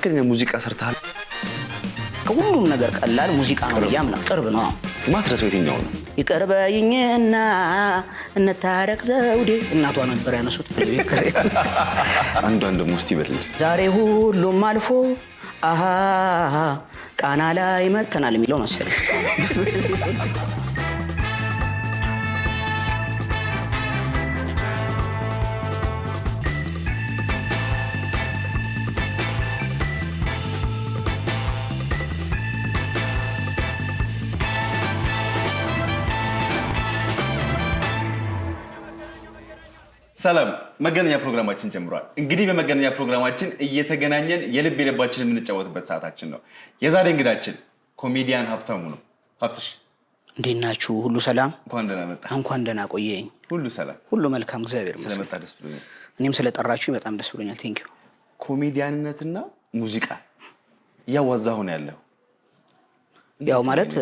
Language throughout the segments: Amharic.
ትክክለኛ ሙዚቃ ሰርተሃል። ከሁሉም ነገር ቀላል ሙዚቃ ነው ብዬ አምናለሁ። ቅርብ ነው ማትረስ የትኛው ነው? ይቅርበይኝና እንታረቅ ዘውዴ እናቷ ነበር ያነሱት። አንዷን ደግሞ እስቲ በል ዛሬ ሁሉም አልፎ አሃ ቃና ላይ መተናል የሚለው መሰለኝ። ሰላም መገናኛ ፕሮግራማችን ጀምሯል። እንግዲህ በመገናኛ ፕሮግራማችን እየተገናኘን የልብ የልባችን የምንጫወትበት ሰዓታችን ነው። የዛሬ እንግዳችን ኮሜዲያን ሀብታሙ ነው። ሀብትሽ እንዴት ናችሁ? ሁሉ ሰላም? እንኳን ደህና መጣ። እንኳን ደህና ቆየኝ። ሁሉ ሰላም፣ ሁሉ መልካም፣ እግዚአብሔር ስለመጣ ደስ ብሎኛል። እኔም ስለጠራችሁ በጣም ደስ ብሎኛል። ቴንኪው። ኮሜዲያንነትና ሙዚቃ እያዋዛ ነው ያለሁ ያው ማለት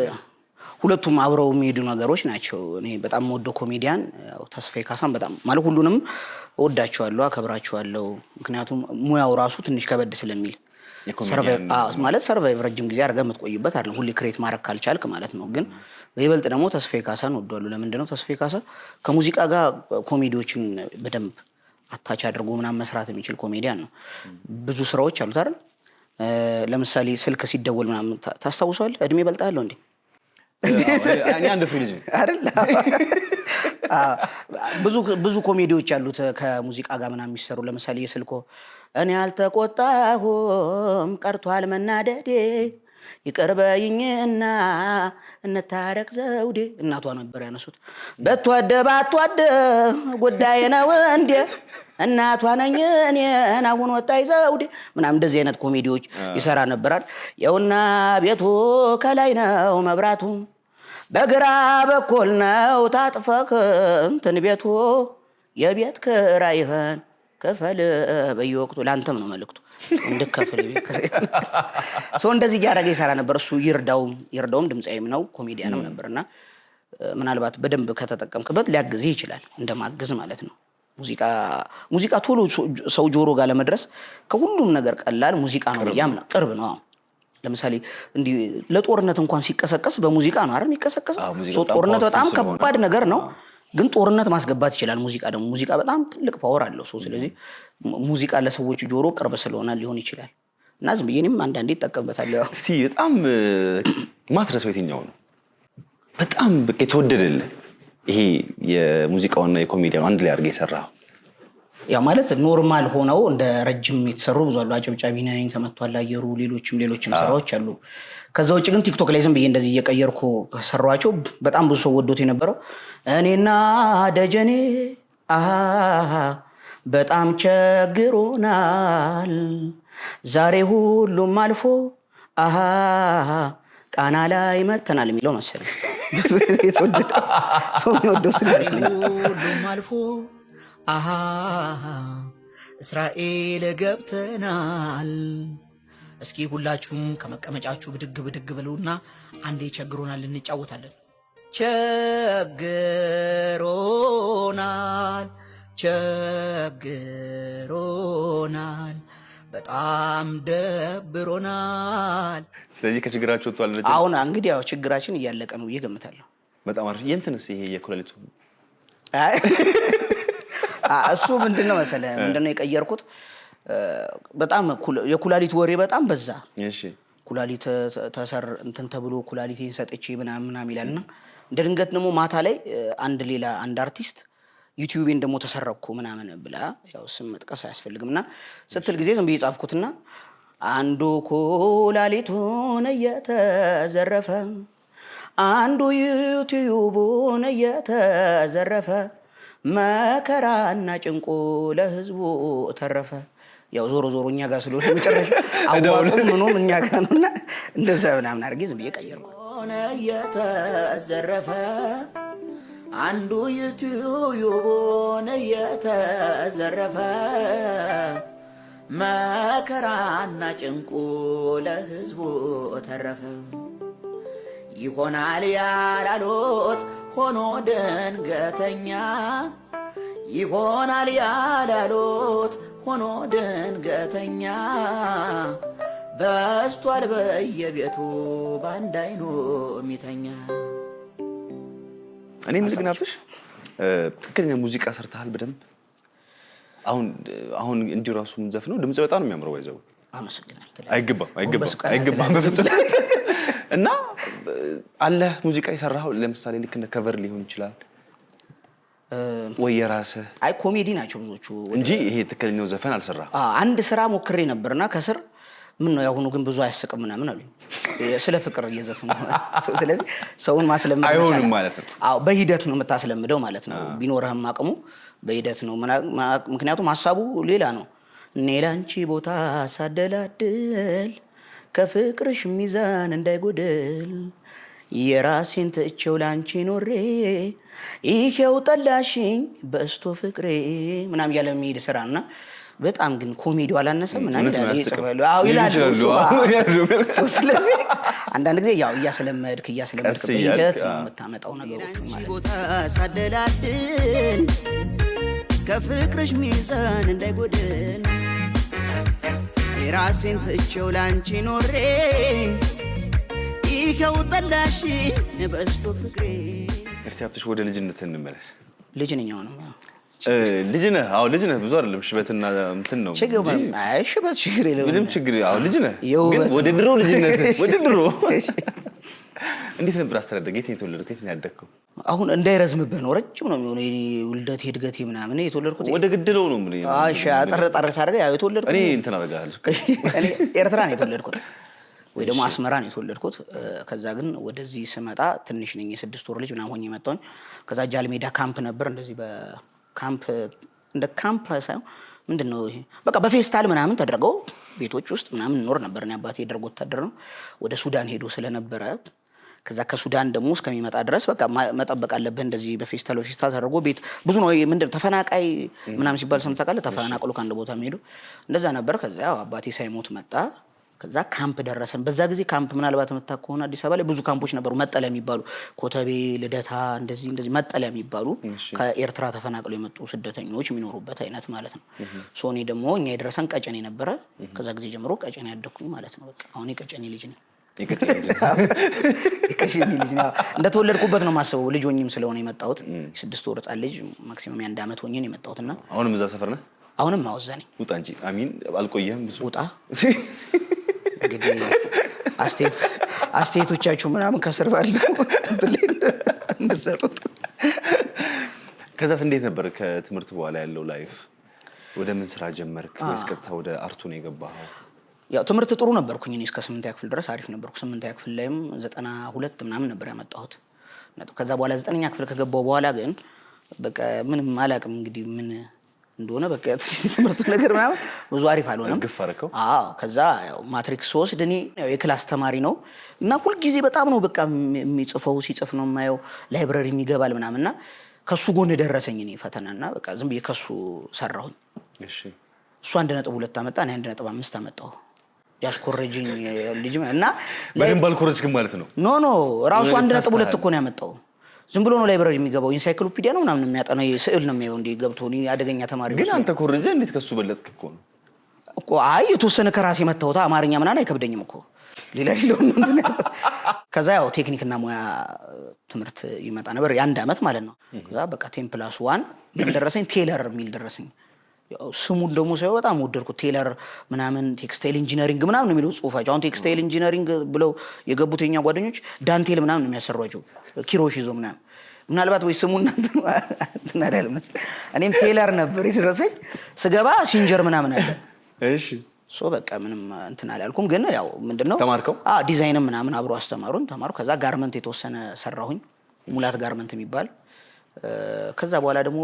ሁለቱም አብረው የሚሄዱ ነገሮች ናቸው። እኔ በጣም ወደ ኮሜዲያን ተስፋዬ ካሳን በጣም ማለት ሁሉንም ወዳቸዋለሁ፣ አከብራቸዋለሁ። ምክንያቱም ሙያው ራሱ ትንሽ ከበድ ስለሚል ማለት ሰርቫይቭ ረጅም ጊዜ አድርገህ የምትቆይበት አይደለም፣ ሁሌ ክሬት ማድረግ ካልቻልክ ማለት ነው። ግን በይበልጥ ደግሞ ተስፋዬ ካሳን እወደዋለሁ። ለምንድን ነው ተስፋዬ ካሳ ከሙዚቃ ጋር ኮሜዲዎችን በደንብ አታች አድርጎ ምናምን መስራት የሚችል ኮሜዲያን ነው። ብዙ ስራዎች አሉት አይደል? ለምሳሌ ስልክ ሲደወል ምናምን ታስታውሰዋል። እድሜ በልጣለሁ እንዴ አንድ ፍሪጅ አይደል? ብዙ ብዙ ኮሜዲዎች ያሉት ከሙዚቃ ጋር ምናምን የሚሰሩ ለምሳሌ የስልኮ እኔ አልተቆጣሁም ቀርቷል መናደዴ ይቅር በይኝና እንታረቅ ዘውዴ እናቷ ነበር ያነሱት። በቷደ ባቷደ ጉዳይ ነው እንዴ እናቷ ነኝ እኔን አሁን ወጣይ ዘውድ ምናምን እንደዚህ አይነት ኮሜዲዎች ይሰራ ነበራል። የውና ቤቱ ከላይ ነው መብራቱ፣ በግራ በኩል ነው ታጥፈህ እንትን ቤቱ የቤት ክራይህን ክፈል በየወቅቱ ለአንተም ነው እንድከፍል ሰው እንደዚህ እያደረገ ይሰራ ነበር። እሱ ይርዳውም ይርዳውም ድምፃዊም ነው ኮሜዲያንም ነበርና ምናልባት በደንብ ከተጠቀምክበት ሊያግዝህ ይችላል። እንደማግዝ ማለት ነው። ሙዚቃ ሙዚቃ ቶሎ ሰው ጆሮ ጋር ለመድረስ ከሁሉም ነገር ቀላል ሙዚቃ ነው ብዬ ነው ቅርብ ነው። ለምሳሌ እንዲህ ለጦርነት እንኳን ሲቀሰቀስ በሙዚቃ ነው አይደል የሚቀሰቀሰው። ጦርነት በጣም ከባድ ነገር ነው፣ ግን ጦርነት ማስገባት ይችላል። ሙዚቃ ደግሞ ሙዚቃ በጣም ትልቅ ፓወር አለው ሰው። ስለዚህ ሙዚቃ ለሰዎች ጆሮ ቅርብ ስለሆነ ሊሆን ይችላል እና ዝም ብዬ እኔም አንዳንዴ ይጠቀምበታለሁ። በጣም ማትረሰው የትኛው ነው? በጣም በቃ የተወደደልህ ይሄ የሙዚቃውና የኮሜዲያ አንድ ላይ አድርገህ የሰራ ያው ማለት ኖርማል ሆነው እንደ ረጅም የተሰሩ ብዙ አሉ። አጨብጫቢ ነኝ፣ ተመቷል አየሩ፣ ሌሎችም ሌሎችም ስራዎች አሉ። ከዛ ውጭ ግን ቲክቶክ ላይ ዝም ብዬ እንደዚህ እየቀየርኩ ከሰሯቸው በጣም ብዙ ሰው ወዶት የነበረው እኔና ደጀኔ በጣም ቸግሮናል ዛሬ ሁሉም አልፎ ቃና ላይ መተናል የሚለው መሰለኝ የተወደደ ሰው የሚወደው ስጋ አልፎ አሃ እስራኤል ገብተናል። እስኪ ሁላችሁም ከመቀመጫችሁ ብድግ ብድግ ብሉና አንዴ ቸግሮናል እንጫወታለን። ቸግሮናል ቸግሮናል በጣም ደብሮናል። ስለዚህ ከችግራችሁ ወጥቷል። አሁን እንግዲህ ያው ችግራችን እያለቀ ነው ብዬ እገምታለሁ። በጣም አሪፍ። የእንትንስ ይሄ የኩላሊቱ እሱ ምንድን ነው መሰለህ፣ ምንድን ነው የቀየርኩት? በጣም የኩላሊት ወሬ በጣም በዛ። ኩላሊት ተሰር እንትን ተብሎ ኩላሊቴን ሰጥቼ ምናምን ምናምን ይላል እንደ ድንገት ደግሞ ማታ ላይ አንድ ሌላ አንድ አርቲስት ዩቲዩቤን ደግሞ ተሰረኩ ምናምን ብላ ያው ስም መጥቀስ አያስፈልግም እና ስትል ጊዜ ዝም ብዬ ጻፍኩትና አንዱ ኩላሊቱን እየተዘረፈ አንዱ ዩቲዩቡን እየተዘረፈ መከራና ጭንቁ ለህዝቡ ተረፈ። ያው ዞሮ ዞሮ እኛ ጋር ስለሆነ መጨረሻ አዋጡ ምኑም እኛ ጋር ነውና እንደዛ ምናምን አድርጌ ዝም ብዬ ቀየርኩ። እየተዘረፈ አንዱ ሆነ እየተዘረፈ መከራና ጭንቁ ለህዝቡ ተረፈ። ይሆናል ያላሉት ሆኖ ድንገተኛ ይሆናል ያላሉት ሆኖ ድንገተኛ በስቷል በየቤቱ ባንድ አይኑ ሚተኛ እኔ ምልግናፍሽ ትክክለኛ ሙዚቃ ሰርተሃል በደንብ አሁን አሁን እንዲሁ ራሱ የምንዘፍነው ድምጽ በጣም ነው የሚያምረው። ይዘው አይገባም በፍጹም እና አለ ሙዚቃ የሰራው ለምሳሌ ልክ እንደ ከቨር ሊሆን ይችላል ወይ የራስህ? አይ ኮሜዲ ናቸው ብዙዎቹ እንጂ ይሄ ትክክለኛው ዘፈን አልሰራ አንድ ስራ ሞክሬ ነበርና ከስር ምን ነው ያሁኑ ግን ብዙ አያስቅም ምናምን አሉ ስለ ፍቅር እየዘፈኑ ስለዚህ ሰውን ማስለመድ አይሆንም ማለት ነው። በሂደት ነው የምታስለምደው ማለት ነው። ቢኖረህም አቅሙ በሂደት ነው። ምክንያቱም ሀሳቡ ሌላ ነው። እኔ ላንቺ ቦታ ሳደላድል ከፍቅርሽ ሚዛን እንዳይጎደል የራሴን ትቼው ላንቺ ኖሬ ይሄው ጠላሽኝ በስቶ ፍቅሬ ምናም እያለ የሚሄድ ስራ እና በጣም ግን ኮሜዲ አላነሰም ምናምን ስለዚህ አንዳንድ ጊዜ ያው እያስለመድክ እያስለመድክ በሂደት ነው የምታመጣው ነገሮች ቦታ ሳደላድል ከፍቅርሽ ሚዛን እንዳይጎድል የራሴን ትቼው ላንቺ ኖሬ ይኸው ጠላሽ በስቶ ፍቅሬ። እስቲ ሀብትሽ ወደ ልጅነት እንመለስ። ልጅንኛው ነው ልጅ ነህ? አዎ ልጅ ነህ። ብዙ አይደለም ሽበትና እንትን ነው። ሽበት ችግር የለውም። ምንም ችግር አዎ ልጅ ነህ። ወደ ድሮ ልጅነት ወደ ድሮ እንዴት ነበር አስተዳደግ? የት የተወለድከው? የት ያደግከው? አሁን እንዳይረዝምብህ ነው። ረጅም ነው የሚሆነ ውልደት እድገቴ ምናምን። የተወለድኩት ወደ ግድለው ነው ምን ጠር ጠር ሳደርገህ ያው የተወለድኩት እኔ እንትን አደርግሃለሁ። ኤርትራ ነው የተወለድኩት ወይ ደግሞ አስመራ ነው የተወለድኩት። ከዛ ግን ወደዚህ ስመጣ ትንሽ ነኝ፣ የስድስት ወር ልጅ ምናምን ሆኜ መጣሁኝ። ከዛ ጃልሜዳ ካምፕ ነበር እንደዚህ በ ካምፕ እንደ ካምፕ ሳይሆን ምንድን ነው ይሄ በቃ በፌስታል ምናምን ተደርገው ቤቶች ውስጥ ምናምን ኖር ነበር። እኔ አባቴ የደርግ ወታደር ነው፣ ወደ ሱዳን ሄዶ ስለነበረ ከዛ ከሱዳን ደግሞ እስከሚመጣ ድረስ በቃ መጠበቅ አለብህ። እንደዚህ በፌስታል በፌስታል ተደርጎ ቤት ብዙ ነው። ምንድን ተፈናቃይ ምናምን ሲባል ሰምተህ ታውቃለህ? ተፈናቅሎ ከአንድ ቦታ የሚሄዱ እንደዛ ነበር። ከዚያ አባቴ ሳይሞት መጣ። ከዛ ካምፕ ደረሰን። በዛ ጊዜ ካምፕ ምናልባት መታ ከሆነ አዲስ አበባ ላይ ብዙ ካምፖች ነበሩ፣ መጠለያ የሚባሉ ኮተቤ፣ ልደታ፣ እንደዚህ እንደዚህ መጠለያ የሚባሉ ከኤርትራ ተፈናቅለው የመጡ ስደተኞች የሚኖሩበት አይነት ማለት ነው። ሶኔ ደግሞ እኛ የደረሰን ቀጨኔ ነበረ። ከዛ ጊዜ ጀምሮ ቀጨኔ ያደግኩኝ ማለት ነው። በቃ አሁን የቀጨኔ ልጅ ነው። እንደተወለድኩበት ነው የማስበው። ልጅ ሆኜም ስለሆነ የመጣሁት ስድስት ወር ጻ ልጅ ማክሲመም የአንድ ዓመት ሆኜ ነው የመጣሁትና አሁንም እዛ ሰፈር ነህ? አሁንም አወዘነኝ። ውጣ እንጂ አሚን፣ አልቆየህም ብዙ ውጣ። እንግዲህ አስቴት አስቴቶቻችሁ ምናምን ከስር ባለው እንሰጡት። ከዛስ እንዴት ነበር ከትምህርት በኋላ ያለው ላይፍ? ወደ ምን ስራ ጀመርክ ወይስ ወደ አርቱ ነው የገባኸው? ያው ትምህርት ጥሩ ነበርኩኝ እኔ እስከ ስምንተኛ ክፍል ድረስ አሪፍ ነበርኩ። ስምንተኛ ክፍል ላይም ዘጠና ሁለት ምናምን ነበር ያመጣሁት። ከዛ በኋላ ዘጠነኛ ክፍል ከገባው በኋላ ግን በቃ ምንም አላቅም እንግዲህ ምን እንደሆነ በቃ ትምህርቱ ነገር ምናምን ብዙ አሪፍ አልሆነም። አዎ ከዛ ማትሪክስ ስወስድ እኔ የክላስ ተማሪ ነው እና ሁልጊዜ በጣም ነው በቃ የሚጽፈው ሲጽፍ ነው የማየው ላይብረሪ የሚገባል ምናምን እና ከሱ ጎን ደረሰኝ እኔ እና በቃ ዝም ብዬ ከሱ ሰራሁኝ። እሱ አንድ ነጥብ ሁለት አመጣ እኔ አንድ ነጥብ አምስት አመጣሁ። ያስኮረጅኝ ልጅ እና በደንብ አልኮረጅክም ማለት ነው። ኖ ኖ ራሱ አንድ ነጥብ ሁለት እኮ ነው ያመጣው ዝም ብሎ ነው ላይብራሪ የሚገባው። ኢንሳይክሎፒዲያ ነው ምናምን የሚያጠና ስዕል ነው የሚየው እንዲ ገብቶ አደገኛ ተማሪ ግን አንተ ኮረጃ እንዴት ከሱ በለጥክ እኮ ነው እኮ። አይ የተወሰነ ከራሴ መታወታ አማርኛ ምናን አይከብደኝም እኮ ሌላ ሌለው ከዛ ያው ቴክኒክና ሙያ ትምህርት ይመጣ ነበር የአንድ አመት ማለት ነው። ከዛ በቃ ቴን ፕላስ ዋን ምን ደረሰኝ ቴለር የሚል ደረሰኝ ስሙን ደግሞ ሳይ በጣም ወደድኩት። ቴለር ምናምን ቴክስታይል ኢንጂነሪንግ ምናምን የሚለው ጽሁፋቸው አሁን ቴክስታይል ኢንጂነሪንግ ብለው የገቡት የኛ ጓደኞች ዳንቴል ምናምን ነው የሚያሰሯቸው ኪሮሽ ይዞ ምናምን ምናልባት ወይ ስሙ እናትናዳል እኔም ቴለር ነበር የደረሰኝ ስገባ ሲንጀር ምናምን አለ። እሺ ሶ በቃ ምንም እንትን አላልኩም። ግን ያው ምንድነው ተማርከው? ዲዛይንም ምናምን አብሮ አስተማሩን ተማሩ። ከዛ ጋርመንት የተወሰነ ሰራሁኝ ሙላት ጋርመንት የሚባል ከዛ በኋላ ደግሞ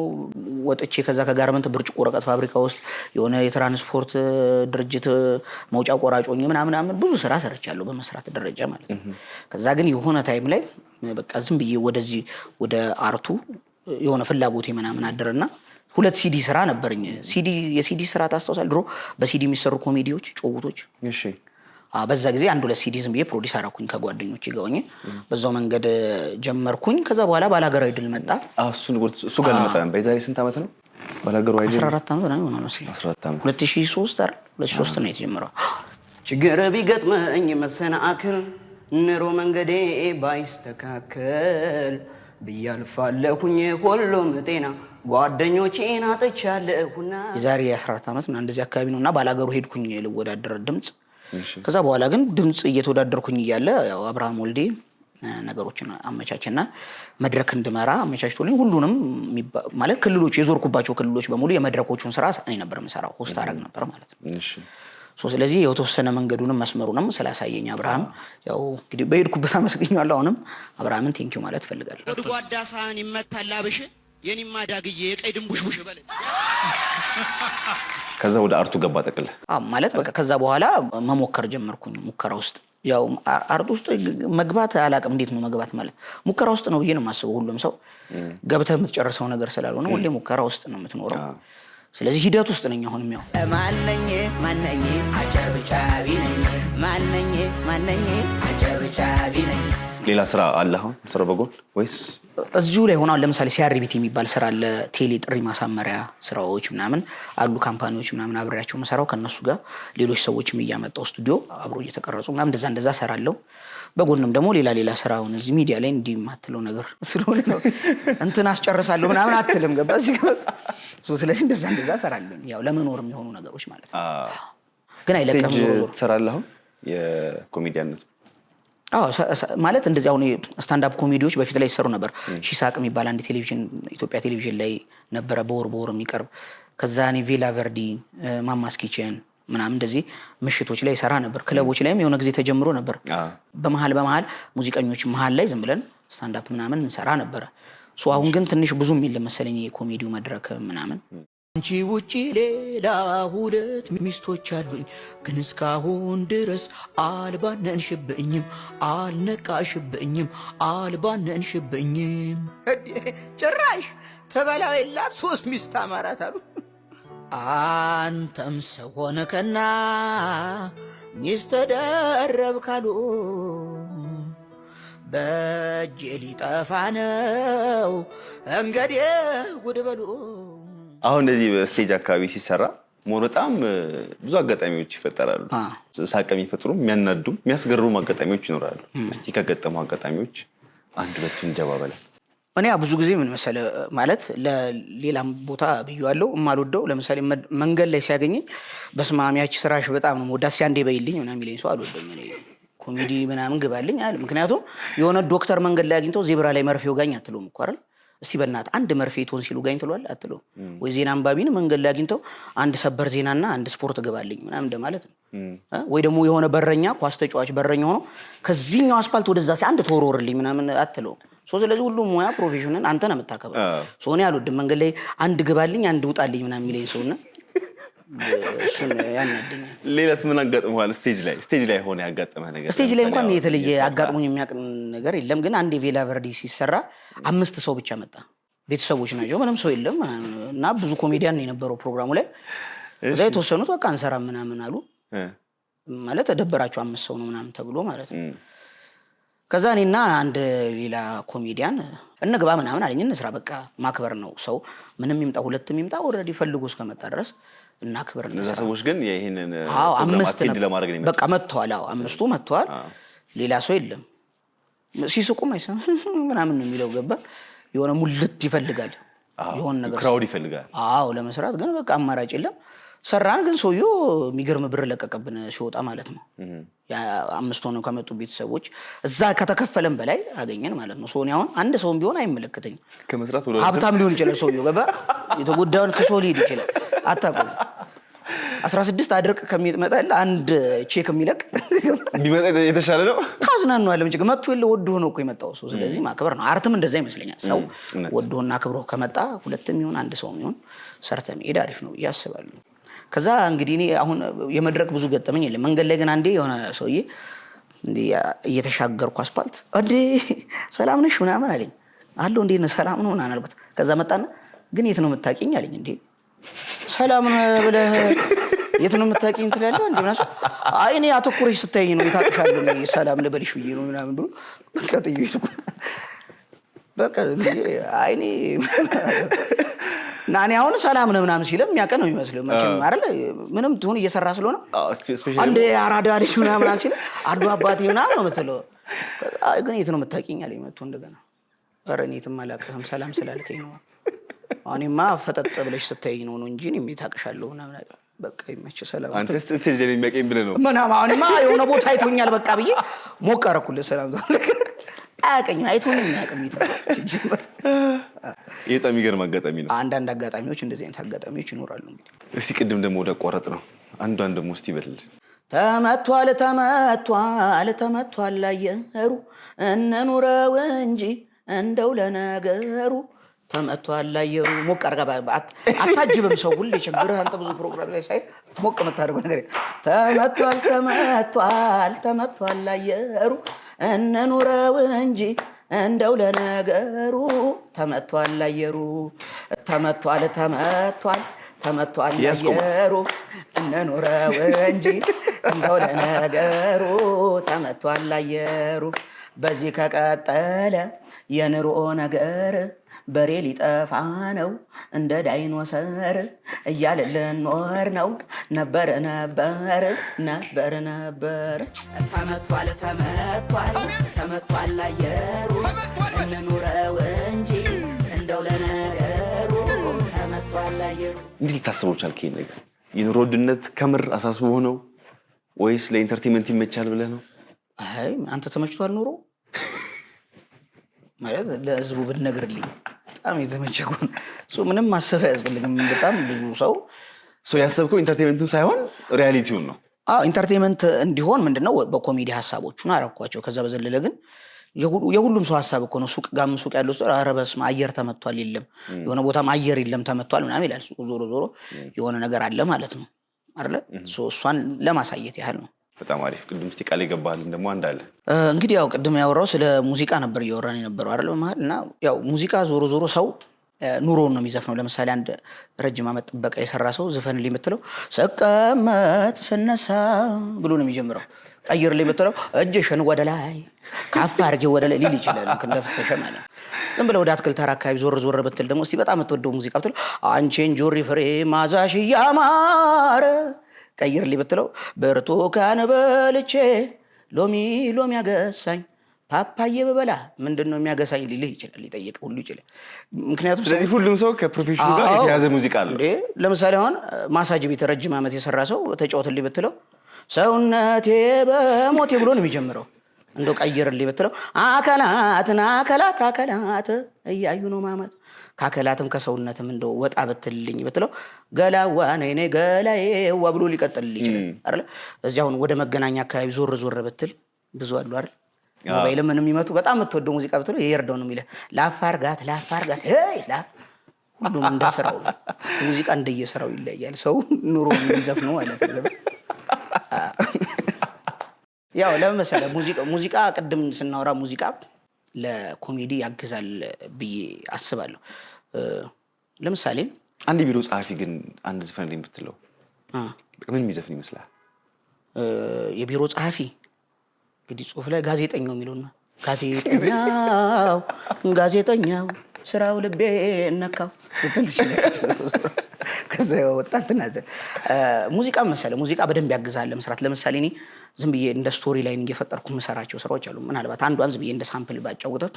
ወጥቼ ከዛ ከጋርመንት ብርጭቆ ወረቀት ፋብሪካ ውስጥ የሆነ የትራንስፖርት ድርጅት መውጫ ቆራጮኝ ምናምናምን ብዙ ስራ ሰርቻለሁ በመስራት ደረጃ ማለት ነው። ከዛ ግን የሆነ ታይም ላይ በቃ ዝም ብዬ ወደዚህ ወደ አርቱ የሆነ ፍላጎቴ ምናምን አደረና ሁለት ሲዲ ስራ ነበርኝ። ሲዲ የሲዲ ስራ ታስታውሳል? ድሮ በሲዲ የሚሰሩ ኮሜዲዎች፣ ጭውውቶች በዛ ጊዜ አንድ ሁለት ሲዲ ዝም ብዬ ፕሮዲስ አደረኩኝ ከጓደኞች ጋር በዛው መንገድ ጀመርኩኝ። ከዛ በኋላ ባላገራዊ ድል መጣ። እሱ ጋር ልመጣ ነበር። የዛሬ ስንት ዓመት ነው? ባላገራዊ ድል 14 ዓመት ሆነ 2003 2003 ነው የተጀመረው። ችግር ቢገጥመኝ መሰናክል ኑሮ መንገዴ ባይስተካከል ብያልፋለሁኝ ሁሉም ጤና ጓደኞቼን አጥቻለሁና የዛሬ 14 ዓመት እንደዚህ አካባቢ ነው እና ባላገሩ ሄድኩኝ ልወዳደር ድምፅ ከዛ በኋላ ግን ድምፅ እየተወዳደርኩኝ እያለ አብርሃም ወልዴ ነገሮችን አመቻችና መድረክ እንድመራ አመቻችቶልኝ ሁሉንም ማለት ክልሎች የዞርኩባቸው ክልሎች በሙሉ የመድረኮቹን ስራ እኔ ነበር የምሰራው፣ ሆስት አደርግ ነበር ማለት ነው። ስለዚህ የተወሰነ መንገዱንም መስመሩንም ስላሳየኝ አብርሃም ያው እንግዲህ በሄድኩበት አመስግኛለሁ። አሁንም አብርሃምን ቴንኪዩ ማለት እፈልጋለሁ። በጓዳ ሳህን ይመታል አብሽ የኔማ ዳግዬ የቀይ ድንቡሽቡሽ በለ ከዛ ወደ አርቱ ገባ ጠቅል ማለት በቃ ከዛ በኋላ መሞከር ጀመርኩኝ። ሙከራ ውስጥ ያው አርቱ ውስጥ መግባት አላቅም፣ እንዴት ነው መግባት ማለት ሙከራ ውስጥ ነው ብዬ ነው የማስበው። ሁሉም ሰው ገብተህ የምትጨርሰው ነገር ስላልሆነ ሁሌ ሙከራ ውስጥ ነው የምትኖረው። ስለዚህ ሂደት ውስጥ ነኝ። አሁንም ያው ማነኝ ማነኝ አጨብጫቢ ነኝ ማነኝ ማነኝ ተሳቢ ነኝ። ሌላ ስራ አለ አሁን ስራ በጎን ወይስ እዚሁ ላይ ሆኗል? ለምሳሌ ሲአር የሚባል ስራ አለ። ቴሌ ጥሪ ማሳመሪያ ስራዎች ምናምን አሉ ካምፓኒዎች ምናምን አብሬያቸው መሰራው ከነሱ ጋር ሌሎች ሰዎችም እያመጣው ስቱዲዮ አብሮ እየተቀረጹ ምናምን እንደዛ እንደዛ ሰራለው። በጎንም ደግሞ ሌላ ሌላ ስራ አሁን እዚህ ሚዲያ ላይ እንዲህ የማትለው ነገር ስለሆነ ነው እንትን አስጨርሳለሁ ምናምን አትልም። ገባ እዚህ ስለዚህ እንደዛ እንደዛ ሰራለን። ያው ለመኖር የሚሆኑ ነገሮች ማለት ነው። ግን አይለቀም ዞሮ ዞሮ ሰራለሁ የኮሚዲያነት ማለት እንደዚህ አሁን ስታንዳፕ ኮሜዲዎች በፊት ላይ ይሰሩ ነበር። ሺሳቅ የሚባል አንድ ቴሌቪዥን ኢትዮጵያ ቴሌቪዥን ላይ ነበረ በወር በወር የሚቀርብ ከዛ ኔ ቬላ ቨርዲ ማማስ ኪችን ምናምን እንደዚህ ምሽቶች ላይ ይሰራ ነበር። ክለቦች ላይም የሆነ ጊዜ ተጀምሮ ነበር። በመሀል በመሀል ሙዚቀኞች መሀል ላይ ዝም ብለን ስታንዳፕ ምናምን እንሰራ ነበረ። አሁን ግን ትንሽ ብዙ የሚል መሰለኝ የኮሜዲው መድረክ ምናምን አንቺ ውጪ ሌላ ሁለት ሚስቶች አሉኝ፣ ግን እስካሁን ድረስ አልባነንሽብኝም፣ አልነቃሽብኝም፣ አልባነንሽብኝም። ጭራሽ ተበላው የላት ሶስት ሚስት አማራት አሉ። አንተም ሰው ሆነከና ሚስት ተደረብክ በእጄ ሊጠፋ ነው እንግዲህ ጉድ በሉ አሁን እንደዚህ በስቴጅ አካባቢ ሲሰራ ሞር በጣም ብዙ አጋጣሚዎች ይፈጠራሉ። ሳቅ የሚፈጥሩ የሚያናዱም የሚያስገርሙም አጋጣሚዎች ይኖራሉ። እስቲ ከገጠሙ አጋጣሚዎች አንድ ሁለቱን እንጀባበላል። እኔ ብዙ ጊዜ ምን መሰለ ማለት ለሌላም ቦታ ብያለው የማልወደው ለምሳሌ መንገድ ላይ ሲያገኘኝ በስማሚያች ስራሽ በጣም ነው ወዳ አንዴ በይልኝ ምናምን የሚለኝ ሰው አልወደም። ኮሜዲ ምናምን ግባልኝ አለ። ምክንያቱም የሆነ ዶክተር መንገድ ላይ አግኝተው ዜብራ ላይ መርፌ ወጋኝ አትለውም እኮ አይደል እስቲ በእናትህ አንድ መርፌ ቶን ሲሉ ጋኝ ትሏል አትሉ ወይ? ዜና አንባቢን መንገድ ላይ አግኝተው አንድ ሰበር ዜናና አንድ ስፖርት ግባልኝ ምናምን እንደማለት ነው። ወይ ደግሞ የሆነ በረኛ ኳስ ተጫዋች በረኛ ሆኖ ከዚህኛው አስፓልት ወደዛ ሲ አንድ ተወርወርልኝ ምናምን ሶ ስለዚህ ሁሉም ሙያ ፕሮፌሽንን አንተን የምታከብረው እኔ አልወድም መንገድ ላይ አንድ ግባልኝ አንድ ውጣልኝ ምናምን የሚለኝ ሰውና እሱን ያናደኛል። ሌላስ ምን አጋጥመዋል? ስቴጅ ላይ ስቴጅ ላይ ሆነ ያጋጠመ ነገር? ስቴጅ ላይ እንኳን የተለየ አጋጥሞኝ የሚያቅን ነገር የለም። ግን አንድ የቬላ ቨርዲ ሲሰራ አምስት ሰው ብቻ መጣ። ቤተሰቦች ናቸው፣ ምንም ሰው የለም እና ብዙ ኮሜዲያን የነበረው ፕሮግራሙ ላይ እዛ የተወሰኑት በቃ እንሰራ ምናምን አሉ። ማለት ደበራቸው አምስት ሰው ነው ምናምን ተብሎ ማለት ነው። ከዛ እኔና አንድ ሌላ ኮሜዲያን እንግባ ምናምን አለኝ። እንስራ በቃ ማክበር ነው ሰው ምንም ይምጣ ሁለትም ይምጣ ኦልሬዲ ፈልጎ እስከመጣ ድረስ እና ክብር ሰዎች ግን ይህንን አምስት በቃ መጥተዋል። አምስቱ መጥተዋል። ሌላ ሰው የለም። ሲስቁም አይሰማ ምናምን ነው የሚለው ገባ የሆነ ሙልት ይፈልጋል የሆነ ነገር ክራውድ ይፈልጋል። አዎ ለመስራት ግን በቃ አማራጭ የለም። ሰራን ግን ሰውዬው የሚገርም ብር ለቀቀብን ሲወጣ ማለት ነው። አምስት ሆነው ከመጡ ቤተሰቦች እዛ ከተከፈለን በላይ አገኘን ማለት ነው። ሰውን አሁን አንድ ሰውን ቢሆን አይመለከተኝም። ሀብታም ሊሆን ይችላል ሰውዬው ገባ የተጎዳውን ከሰው ሊሄድ ይችላል አታውቁም። ስድስት አድርቅ ከሚመጣል አንድ ቼክ የሚለቅ ቢመጣ የተሻለ ነው። ካዝናኗል ጭ መጥቶ የለ ወድ ሆኖ እኮ የመጣው ሰው ስለዚህ ማክበር ነው። አርትም እንደዛ ይመስለኛል። ሰው ወድ ሆና አክብሮ ከመጣ ሁለትም ይሁን አንድ ሰው ይሁን ሰርተ መሄድ አሪፍ ነው ብዬ አስባለሁ። ከዛ እንግዲህ እኔ አሁን የመድረክ ብዙ ገጠመኝ የለም። መንገድ ላይ ግን አንዴ የሆነ ሰውዬ እየተሻገርኩ አስፓልት እንዴ ሰላም ነሽ ምናምን አለኝ። አለው እንዴ ሰላም ነው ምናምን አልኩት። ከዛ መጣና ግን የት ነው የምታውቂኝ አለኝ። እንዴ ሰላም ብለህ የት ነው የምታውቂኝ ትላለህ እንዲ ምናምን። አይ እኔ አተኩረሽ ስታይኝ ነው የታውቅሻለሁ ሰላም ልበልሽ ብዬ ነው ምናምን ብሎ ቀጥዩ ጥዬ ሄድኩ። በቃ አይ እና እኔ አሁን ሰላም ነው ምናምን ሲልም የሚያቀ ነው የሚመስለው አለ ምንም ትሁን እየሰራ ስለሆነ አንድ አራዳሪች ልጅ ምናምን ሲለ አዱ አባቴ ምናምን ነው የምትለው። ግን የት ነው የምታውቂኝ አለኝ መጥቶ እንደገና። ኧረ እኔ የትም አላውቅህም ሰላም ስላልከኝ ነው እኔማ ፈጠጥ ብለሽ ስታይኝ ነው ነው እንጂ እኔም ታቅሻለሁ ምናምን አለ። በቃ ይመች ሰላም። አንተ ስቴጅ ላይ የሚያቀኝ ብለህ ነው ምናምን። እኔማ የሆነ ቦታ አይቶኛል በቃ ብዬ ሞቅ አደረኩልህ። ሰላም አያውቅኝም፣ አይቶኝም አያውቅም። ሲጀመር ይህ በጣም የሚገርም አጋጣሚ ነው። አንዳንድ አጋጣሚዎች እንደዚህ አይነት አጋጣሚዎች ይኖራሉ። እንግዲህ እስቲ ቅድም ደግሞ ወደ አቋረጥ ነው አንዷን ደግሞ እስቲ ይበልል ተመቷል ተመቷል ተመቷል ላየሩ እንኑረው እንጂ እንደው ለነገሩ ተመቷል ላይ ሞቅ አድርጋ አታጅብም። ሰው ሁሌ ችግርህ አንተ ብዙ ፕሮግራም ላይ ሳይ ሞቅ የምታደርገው ነገር ተመቷል፣ ተመቷል፣ ተመቷል ላየሩ እንኑረው እንጂ እንደው ለነገሩ ተመቷል ላየሩ ተመቷል፣ ተመቷል፣ ተመቷል ላየሩ እንኑረው እንጂ እንደው ለነገሩ ተመቷል ላየሩ በዚህ ከቀጠለ የኑሮ ነገር በሬ ሊጠፋ ነው እንደ ዳይኖሰር እያልልን ልንኖር ነው ነበር ነበር ነበር ነበር ተመቷል ተመቷል ተመቷል ላየሩ እንኑረው እንጂ እንደው ለነገሩ ተመቷል ላየሩ እንዲህ ልታስበው ቻልክ ነገር የኑሮ ውድነት ከምር አሳስቦ ነው ወይስ ለኢንተርቴንመንት ይመቻል ብለህ ነው አንተ ተመችቷል ኑሮ ማለት ለህዝቡ ብንነግርልኝ በጣም የተመቸኩ ምንም ማሰብ አያስፈልግም። በጣም ብዙ ሰው ያሰብከው ኢንተርቴንመንቱን ሳይሆን ሪያሊቲውን ነው። ኢንተርቴንመንት እንዲሆን ምንድነው በኮሜዲ ሀሳቦቹን አረኳቸው። ከዛ በዘለለ ግን የሁሉም ሰው ሀሳብ እኮ ነው። ሱቅ ጋም ሱቅ ያለው ሰው ኧረ በስመ አየር ተመቷል የለም የሆነ ቦታም አየር የለም ተመቷል ምናምን ይላል። ዞሮ ዞሮ የሆነ ነገር አለ ማለት ነው አለ እሷን ለማሳየት ያህል ነው። በጣም አሪፍ። ቅድም እስቲ ቃል የገባልን ደግሞ አንድ አለ። እንግዲህ ያው ቅድም ያወራው ስለ ሙዚቃ ነበር እየወራን የነበረው አይደል? በመሀል እና ያው ሙዚቃ ዞሮ ዞሮ ሰው ኑሮውን ነው የሚዘፍነው። ለምሳሌ አንድ ረጅም ዓመት ጥበቃ የሰራ ሰው ዝፈን ላይ የምትለው ስቀመጥ ስነሳ ብሎ ነው የሚጀምረው። ቀይር ላይ የምትለው እጅሽን ወደ ላይ ከፍ አድርጌ ወደ ላይ ሊል ይችላል። ለፍተሸ ማለት ነው። ዝም ብለህ ወደ አትክልት ተራ አካባቢ ዞር ዞር ብትል ደግሞ እስቲ በጣም የምትወደው ሙዚቃ ብትለው አንቺን ጆሪ ፍሬ ማዛሽ እያማረ ቀይር ሊብትለው ብርቱካን በልቼ ሎሚ ሎሚ ያገሳኝ ፓፓዬ በበላ ምንድን ነው የሚያገሳኝ ሊልህ ይችላል። ሊጠየቅ ሁሉ ይችላል። ምክንያቱም ስለዚህ ሁሉም ሰው ከፕሮፌሽኑ ጋር የተያዘ ሙዚቃ አለ። ለምሳሌ አሁን ማሳጅ ቤት ረጅም ዓመት የሰራ ሰው ተጫወትን ሊብትለው ሰውነቴ በሞቴ ብሎ ነው የሚጀምረው። እንደ ቀይርልኝ ብትለው አካላትን አካላት አካላት እያዩ ነው ማመት ከአካላትም ከሰውነትም እንደ ወጣ ብትልልኝ ብትለው ገላዋ ነይኔ ገላዬ ዋ ብሎ ሊቀጥልል ይችላል አይደለ? ወደ መገናኛ አካባቢ ዞር ዞር ብትል ብዙ አሉ አይደል? ሞባይል ምን የሚመጡ በጣም የምትወደው ሙዚቃ ብትለው የየርደው ነው የሚለ ላፍ አርጋት ላፍ አርጋት ላፍ ሁሉም እንደስራው ነው። ሙዚቃ እንደየስራው ይለያል። ሰው ኑሮ የሚዘፍ ነው ማለት ነው። ያው ለምን መሰለህ ሙዚቃ ቅድም ስናወራ ሙዚቃ ለኮሜዲ ያግዛል ብዬ አስባለሁ። ለምሳሌ አንድ የቢሮ ጸሐፊ ግን አንድ ዘፈን ላይ የምትለው ምን የሚዘፍን ይመስላል? የቢሮ ጸሐፊ እንግዲህ ጽሁፍ ላይ ጋዜጠኛው ነው። ጋዜጠኛው ጋዜጠኛው ስራው ልቤ ነካው ልትል ትችላለች። ከዛ ወጣ ሙዚቃ መሰለ ሙዚቃ በደንብ ያግዛል ለመስራት። ለምሳሌ እኔ ዝም ብዬ እንደ ስቶሪ ላይን እየፈጠርኩ የምሰራቸው ስራዎች አሉ። ምናልባት አንዷን ዝም ብዬ እንደ ሳምፕል ባጫወተት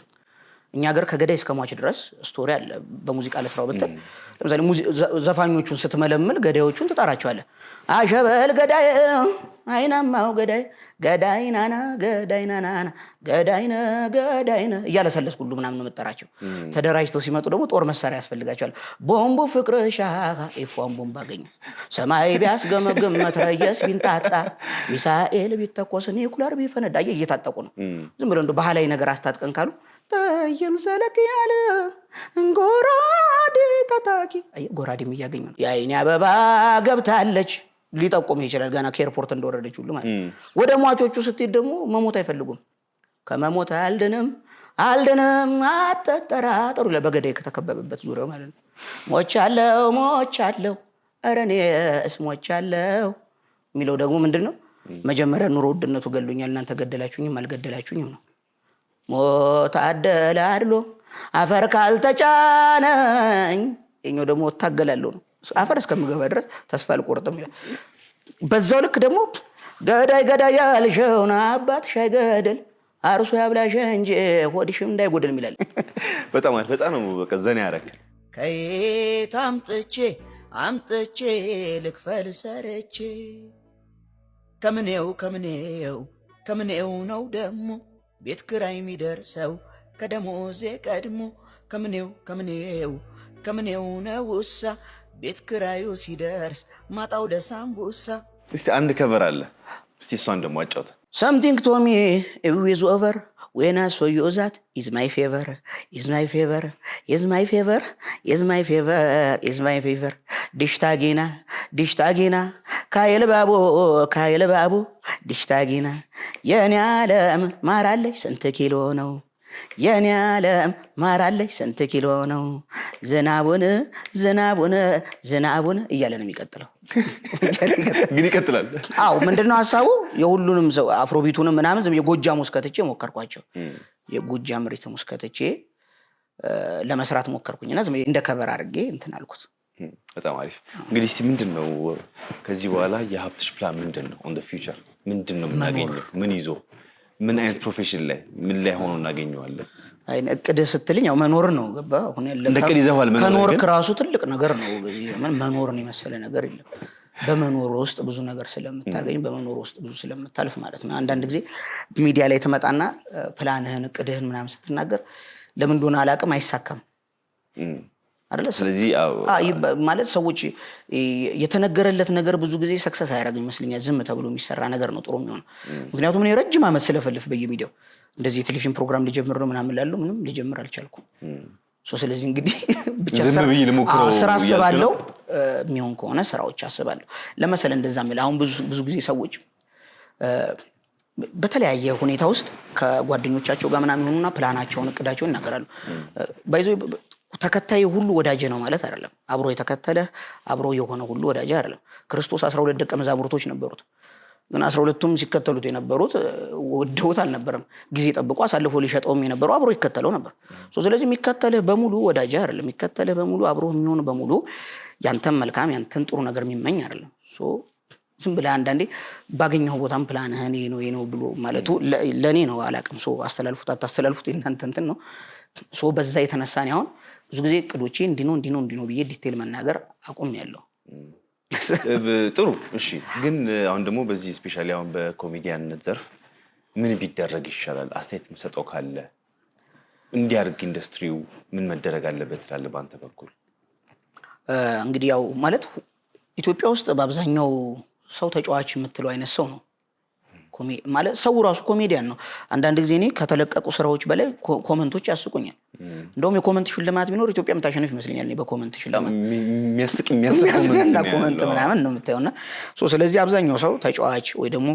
እኛ ሀገር ከገዳይ እስከ ሟች ድረስ ስቶሪ አለ። በሙዚቃ ለስራው ብትል ለምሳሌ ዘፋኞቹን ስትመለምል ገዳዮቹን ትጠራቸዋለህ። አሸበል ገዳይ፣ አይናማው ገዳይ፣ ገዳይናና ገዳይናናና ገዳይነ ገዳይነ እያለሰለስ ሁሉ ምናምን የምጠራቸው። ተደራጅተው ሲመጡ ደግሞ ጦር መሳሪያ ያስፈልጋቸዋል። ቦምቡ ፍቅር ሻካ ኢፏን ቦምብ አገኘ፣ ሰማይ ቢያስገመግም መትረየስ ቢንጣጣ፣ ሚሳኤል ቢተኮስ፣ ኒኩለር ቢፈነዳየ እየታጠቁ ነው። ዝም ብሎ ባህላዊ ነገር አስታጥቀን ካሉ ጠይም ዘለቅ ያለ ጎራዴ ታጣቂ ጎራዴም እያገኘ ነው። የአይኔ አበባ ገብታለች ሊጠቁም ይችላል። ገና ከኤርፖርት እንደወረደች ሁሉ ማለት ወደ ሟቾቹ ስትሄድ ደግሞ መሞት አይፈልጉም። ከመሞት አልድንም አልድንም አትጠራጠሩ ለበገዳይ ከተከበበበት ዙሪያው ማለት ነው። ሞች ሞቻለው ኧረ እስሞች ሞቻለው የሚለው ደግሞ ምንድን ነው? መጀመሪያ ኑሮ ውድነቱ ገሎኛል፣ እናንተ ገደላችሁኝም አልገደላችሁኝም ነው። ሞት አደለ አድሎ አፈር ካልተጫነኝ የኛው ደግሞ እታገላለሁ ነው። አፈር እስከምገባ ድረስ ተስፋ አልቆርጥም ይላል። በዛው ልክ ደግሞ ገዳይ ገዳይ ያልሸውን አባትሽ አይገድል አርሶ ያብላሽ እንጂ ሆድሽም እንዳይጎድል ይላል። በጣም በጣም ነው በቃ ዘን ያደረግ ከየት አምጥቼ አምጥቼ ልክፈል ሰርቼ ከምኔው ከምኔው ከምኔው ነው ደግሞ ቤት ክራይ የሚደርሰው ከደሞዜ ቀድሞ ከምኔው ከምኔው ከምኔው ነውሳ ቤት ክራዩ ሲደርስ ማጣው ደሳምቡሳ። እስቲ አንድ ከበር አለ። እስቲ እሷን ደሞ አጫውተን ሰምቲንግ ቶሚ ዊዝ ኦቨር ዌና ሶዩ ዛት ኢዝ ማይ ፌቨር ኢዝ ማይ ፌቨር ኢዝ ማይ ፌቨር ኢዝ ማይ ፌቨር ኢዝ ማይ ፌቨር ዲሽታጊና ዲሽታጊና ካይልባቦ ካይልባቦ ዲሽታጊና የኔ ዓለም ማራለች ስንት ኪሎ ነው የኔ ዓለም ማራለች ስንት ኪሎ ነው ዝናቡን ዝናቡን ዝናቡን እያለ ነው የሚቀጥለው ግን ይቀጥላል። አዎ ምንድነው ሀሳቡ? የሁሉንም ሰው አፍሮቢቱንም ምናምን የጎጃም ውስጥ ሞከርኳቸው። የጎጃም ሪትም ውስጥ ለመስራት ለመስራት ሞከርኩኝና እንደ ከበር አድርጌ እንትን አልኩት። በጣም አሪፍ። እንግዲህ ስ ምንድን ነው ከዚህ በኋላ የሀብትሽ ፕላን ምንድን ነው? ኦን ምንድን ነው ምናገኘ ምን ይዞ ምን አይነት ፕሮፌሽን ላይ ምን ላይ ሆኖ እናገኘዋለን? አይ እቅድ ስትልኝ ያው መኖር ነው። ገባ አሁን እቅድ ይዘዋል። ትልቅ ነገር ነው። መኖርን የመሰለ ነገር የለም። በመኖር ውስጥ ብዙ ነገር ስለምታገኝ በመኖር ውስጥ ብዙ ስለምታልፍ ማለት ነው። አንዳንድ ጊዜ ሚዲያ ላይ ትመጣና ፕላንህን እቅድህን ምናምን ስትናገር ለምን እንደሆነ አላውቅም አይሳካም። አይደለ? ስለዚህ ማለት ሰዎች የተነገረለት ነገር ብዙ ጊዜ ሰክሰስ አያደርግም ይመስለኛል። ዝም ተብሎ የሚሰራ ነገር ነው ጥሩ የሚሆነው። ምክንያቱም እኔ ረጅም ዓመት ስለፈልፍ በየሚዲያው እንደዚህ የቴሌቪዥን ፕሮግራም ልጀምር ነው ምናምን እላለሁ፣ ምንም ልጀምር አልቻልኩም። ስለዚህ እንግዲህ ብቻ ስራ አስባለሁ፣ የሚሆን ከሆነ ስራዎች አስባለሁ ለመሰለ እንደዛ የሚል አሁን ብዙ ጊዜ ሰዎች በተለያየ ሁኔታ ውስጥ ከጓደኞቻቸው ጋር ምናምን የሆኑና ፕላናቸውን እቅዳቸውን ይናገራሉ። ባይዞ ተከታይ ሁሉ ወዳጅ ነው ማለት አይደለም። አብሮ የተከተለ አብሮ የሆነ ሁሉ ወዳጅ አይደለም። ክርስቶስ አስራ ሁለት ደቀ መዛሙርቶች ነበሩት። ግን አስራ ሁለቱም ሲከተሉት የነበሩት ወደውት አልነበረም። ጊዜ ጠብቆ አሳልፎ ሊሸጠውም የነበረው አብሮ ይከተለው ነበር። ስለዚህ የሚከተልህ በሙሉ ወዳጅ አይደለም። የሚከተልህ በሙሉ አብሮ የሚሆን በሙሉ ያንተን መልካም ያንተን ጥሩ ነገር የሚመኝ አይደለም። ዝም ብለህ አንዳንዴ ባገኘው ቦታም ፕላንህን ነው ነው ብሎ ማለቱ ለእኔ ነው አላቅም። አስተላልፉት አታስተላልፉት የእናንተ እንትን ነው። በዛ የተነሳኔ አሁን ብዙ ጊዜ እቅዶቼ እንዲኖ እንዲኖ እንዲኖ ብዬ ዲቴል መናገር ያለው ጥሩ እሺ። ግን አሁን ደግሞ በዚህ ስፔሻሊ አሁን በኮሜዲያንነት ዘርፍ ምን ቢደረግ ይሻላል? አስተያየት የምሰጠው ካለ እንዲያርግ ኢንዱስትሪው ምን መደረግ አለበት ትላለህ? በአንተ በኩል እንግዲህ ያው ማለት ኢትዮጵያ ውስጥ በአብዛኛው ሰው ተጫዋች የምትለው አይነት ሰው ነው። ማለት ሰው ራሱ ኮሜዲያን ነው። አንዳንድ ጊዜ እኔ ከተለቀቁ ስራዎች በላይ ኮመንቶች ያስቁኛል። እንደውም የኮመንት ሽልማት ቢኖር ኢትዮጵያ የምታሸንፍ ይመስለኛል። በኮመንት ሽልማት ኮመንት ምናምን ነው የምታየውና ስለዚህ አብዛኛው ሰው ተጫዋች ወይ ደግሞ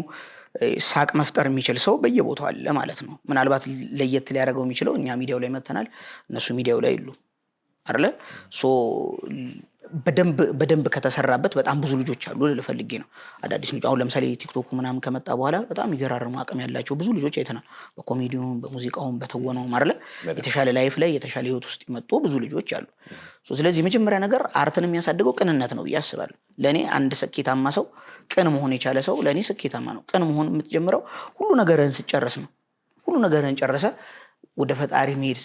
ሳቅ መፍጠር የሚችል ሰው በየቦታው አለ ማለት ነው። ምናልባት ለየት ሊያደርገው የሚችለው እኛ ሚዲያው ላይ መተናል፣ እነሱ ሚዲያው ላይ የሉም አለ በደንብ ከተሰራበት በጣም ብዙ ልጆች አሉ ልፈልጌ ነው። አዳዲስ ልጆች አሁን ለምሳሌ ቲክቶኩ ምናምን ከመጣ በኋላ በጣም የሚገራርሙ አቅም ያላቸው ብዙ ልጆች አይተናል። በኮሜዲውም በሙዚቃውም በተወነው አይደለ የተሻለ ላይፍ ላይ የተሻለ ህይወት ውስጥ የመጡ ብዙ ልጆች አሉ። ስለዚህ የመጀመሪያ ነገር አርትን የሚያሳድገው ቅንነት ነው ብዬ አስባለሁ። ለእኔ አንድ ስኬታማ ሰው ቅን መሆን የቻለ ሰው ለእኔ ስኬታማ ነው። ቅን መሆን የምትጀምረው ሁሉ ነገርህን ስጨርስ ነው። ሁሉ ነገርህን ጨርሰህ ወደ ፈጣሪ መሄድ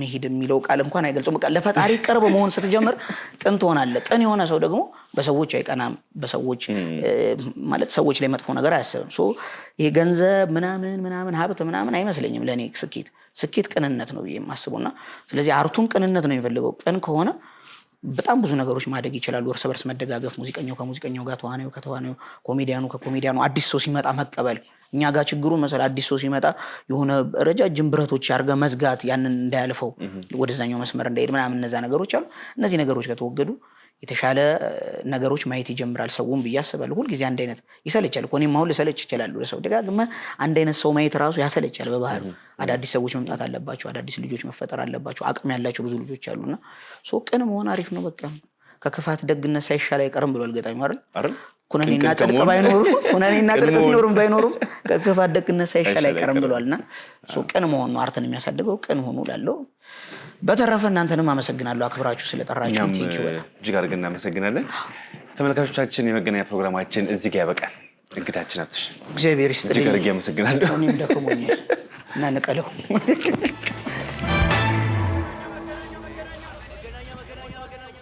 መሄድ የሚለው ቃል እንኳን አይገልጹም። በቃ ለፈጣሪ ቅርብ መሆን ስትጀምር ቅን ትሆናለህ። ቅን የሆነ ሰው ደግሞ በሰዎች አይቀናም። በሰዎች ማለት ሰዎች ላይ መጥፎ ነገር አያስብም። ይሄ ገንዘብ ምናምን ምናምን ሀብት ምናምን አይመስለኝም። ለእኔ ስኬት ስኬት ቅንነት ነው ብዬ የማስበውና ስለዚህ አርቱም ቅንነት ነው የሚፈልገው። ቅን ከሆነ በጣም ብዙ ነገሮች ማደግ ይችላሉ። እርስ በርስ መደጋገፍ፣ ሙዚቀኛው ከሙዚቀኛው ጋር፣ ተዋናዩ ከተዋናዩ፣ ኮሜዲያኑ ከኮሜዲያኑ፣ አዲስ ሰው ሲመጣ መቀበል እኛ ጋር ችግሩ መሰል አዲስ ሰው ሲመጣ የሆነ ረጃጅም ብረቶች አድርገህ መዝጋት ያንን እንዳያልፈው ወደዛኛው መስመር እንዳሄድ ምናምን እነዛ ነገሮች አሉ። እነዚህ ነገሮች ከተወገዱ የተሻለ ነገሮች ማየት ይጀምራል ሰውም ብዬ አስባለሁ። ሁልጊዜ አንድ አይነት ይሰለቻል እኮ እኔም አሁን ልሰለች ይችላሉ። ለሰው ደጋግመህ አንድ አይነት ሰው ማየት ራሱ ያሰለቻል በባህሉ። አዳዲስ ሰዎች መምጣት አለባቸው። አዳዲስ ልጆች መፈጠር አለባቸው። አቅም ያላቸው ብዙ ልጆች አሉና ቅን መሆን አሪፍ ነው። በቃ ከክፋት ደግነት ሳይሻል አይቀርም ብሏል ገጣሚ አይደል? ኩነኔና ጽድቅ ባይኖሩ ኩነኔና ጽድቅ ቢኖሩም ባይኖሩም ከክፋት ደግነት ሳይሻል አይቀርም ብሏልና ቅን መሆኑ አርትን የሚያሳድገው። ቅን ሆኑ ላለው በተረፈ እናንተንም አመሰግናለሁ አክብራችሁ ስለጠራችሁ እጅግ አድርገን እናመሰግናለን። ተመልካቾቻችን የመገናኛ ፕሮግራማችን እዚህ ጋ ያበቃል። እንግዳችን አትሽ እግዚአብሔር ይስጥልኝ። እጅግ አድርጌ አመሰግናለሁ። እና ንቀለው